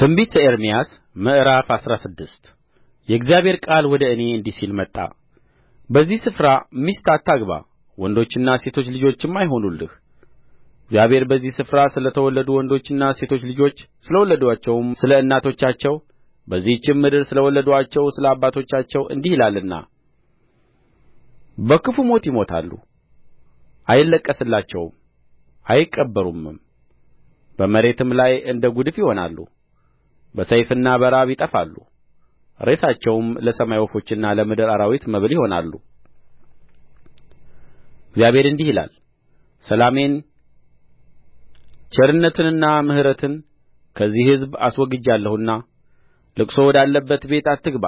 ትንቢተ ኤርምያስ ምዕራፍ አስራ ስድስት የእግዚአብሔር ቃል ወደ እኔ እንዲህ ሲል መጣ በዚህ ስፍራ ሚስት አታግባ ወንዶችና ሴቶች ልጆችም አይሁኑልህ እግዚአብሔር በዚህ ስፍራ ስለ ተወለዱ ወንዶችና ሴቶች ልጆች ስለ ወለዱአቸውም ስለ እናቶቻቸው በዚህችም ምድር ስለ ወለዱአቸው ስለ አባቶቻቸው እንዲህ ይላልና በክፉ ሞት ይሞታሉ አይለቀስላቸውም አይቀበሩምም በመሬትም ላይ እንደ ጕድፍ ይሆናሉ በሰይፍና በራብ ይጠፋሉ ሬሳቸውም ለሰማይ ወፎችና ለምድር አራዊት መብል ይሆናሉ እግዚአብሔር እንዲህ ይላል ሰላሜን ቸርነትንና ምሕረትን ከዚህ ሕዝብ አስወግጃለሁና ልቅሶ ወዳለበት ቤት አትግባ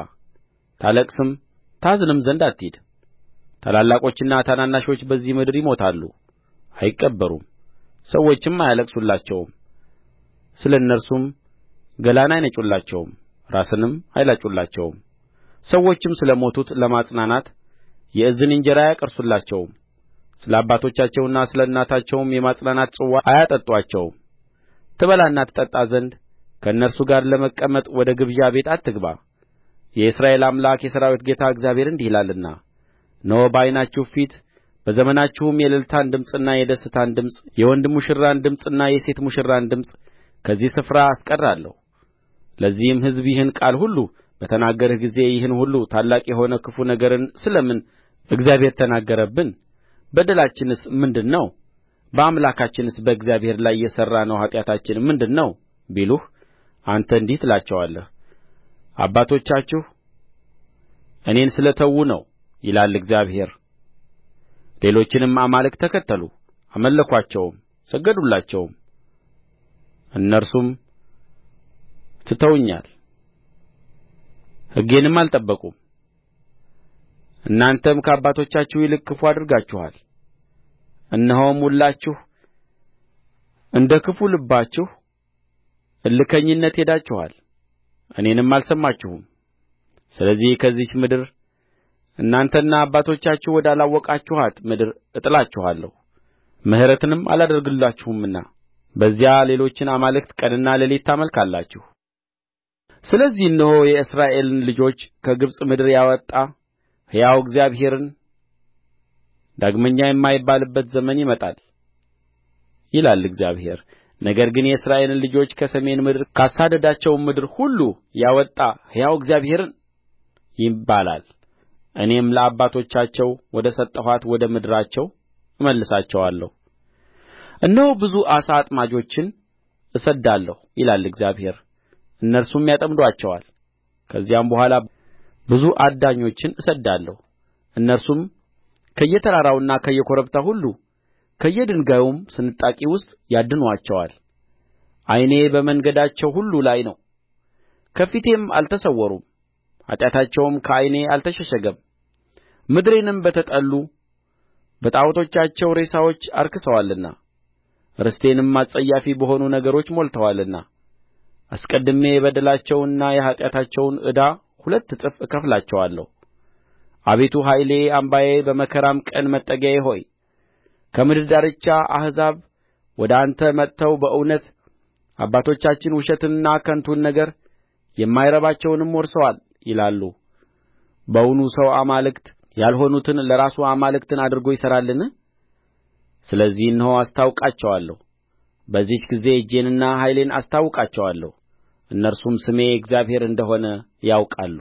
ታለቅስም ታዝንም ዘንድ አትሂድ ታላላቆችና ታናናሾች በዚህ ምድር ይሞታሉ አይቀበሩም ሰዎችም አያለቅሱላቸውም ስለ እነርሱም ገላን አይነጩላቸውም ራስንም አይላጩላቸውም ሰዎችም ስለ ሞቱት ለማጽናናት የእዝን እንጀራ አያቀርሱላቸውም ስለ አባቶቻቸውና ስለ እናቶቻቸውም የማጽናናት ጽዋ አያጠጡአቸውም ትበላና ትጠጣ ዘንድ ከእነርሱ ጋር ለመቀመጥ ወደ ግብዣ ቤት አትግባ የእስራኤል አምላክ የሠራዊት ጌታ እግዚአብሔር እንዲህ ይላልና እነሆ በዓይናችሁ ፊት በዘመናችሁም የእልልታን ድምፅና የደስታን ድምፅ የወንድ ሙሽራን ድምፅና የሴት ሙሽራን ድምፅ ከዚህ ስፍራ አስቀራለሁ ለዚህም ሕዝብ ይህን ቃል ሁሉ በተናገርህ ጊዜ ይህን ሁሉ ታላቅ የሆነ ክፉ ነገርን ስለ ምን እግዚአብሔር ተናገረብን በደላችንስ ምንድር ነው በአምላካችንስ በእግዚአብሔር ላይ የሠራነው ኃጢአታችን ምንድር ነው ቢሉህ አንተ እንዲህ ትላቸዋለህ አባቶቻችሁ እኔን ስለ ተዉ ነው ይላል እግዚአብሔር ሌሎችንም አማልክት ተከተሉ አመለኩአቸውም ሰገዱላቸውም እነርሱም ትተውኛል ሕጌንም አልጠበቁም እናንተም ከአባቶቻችሁ ይልቅ ክፉ አድርጋችኋል እነሆም ሁላችሁ እንደ ክፉ ልባችሁ እልከኝነት ሄዳችኋል እኔንም አልሰማችሁም ስለዚህ ከዚህች ምድር እናንተና አባቶቻችሁ ወዳላወቃችኋት ምድር እጥላችኋለሁ ምሕረትንም አላደርግላችሁምና በዚያ ሌሎችን አማልክት ቀንና ሌሊት ታመልካላችሁ ስለዚህ እነሆ የእስራኤልን ልጆች ከግብጽ ምድር ያወጣ ሕያው እግዚአብሔርን ዳግመኛ የማይባልበት ዘመን ይመጣል ይላል እግዚአብሔር ነገር ግን የእስራኤልን ልጆች ከሰሜን ምድር ካሳደዳቸውም ምድር ሁሉ ያወጣ ሕያው እግዚአብሔርን ይባላል እኔም ለአባቶቻቸው ወደ ሰጠኋት ወደ ምድራቸው እመልሳቸዋለሁ እነሆ ብዙ ዓሣ አጥማጆችን እሰድዳለሁ ይላል እግዚአብሔር እነርሱም ያጠምዱአቸዋል ከዚያም በኋላ ብዙ አዳኞችን እሰድዳለሁ እነርሱም ከየተራራውና ከየኮረብታው ሁሉ ከየድንጋዩም ስንጣቂ ውስጥ ያድኑአቸዋል ዓይኔ በመንገዳቸው ሁሉ ላይ ነው ከፊቴም አልተሰወሩም ኃጢአታቸውም ከዓይኔ አልተሸሸገም ምድሬንም በተጠሉ በጣዖቶቻቸው ሬሳዎች አርክሰዋልና ርስቴንም አስጸያፊ በሆኑ ነገሮች ሞልተዋልና አስቀድሜ የበደላቸውንና የኃጢአታቸውን ዕዳ ሁለት እጥፍ እከፍላቸዋለሁ አቤቱ ኃይሌ አምባዬ በመከራም ቀን መጠጊያዬ ሆይ ከምድር ዳርቻ አሕዛብ ወደ አንተ መጥተው በእውነት አባቶቻችን ውሸትንና ከንቱን ነገር የማይረባቸውንም ወርሰዋል ይላሉ በውኑ ሰው አማልክት ያልሆኑትን ለራሱ አማልክትን አድርጎ ይሠራልን ስለዚህ እነሆ አስታውቃቸዋለሁ በዚህች ጊዜ እጄንና ኃይሌን አስታውቃቸዋለሁ እነርሱም ስሜ እግዚአብሔር እንደ ሆነ ያውቃሉ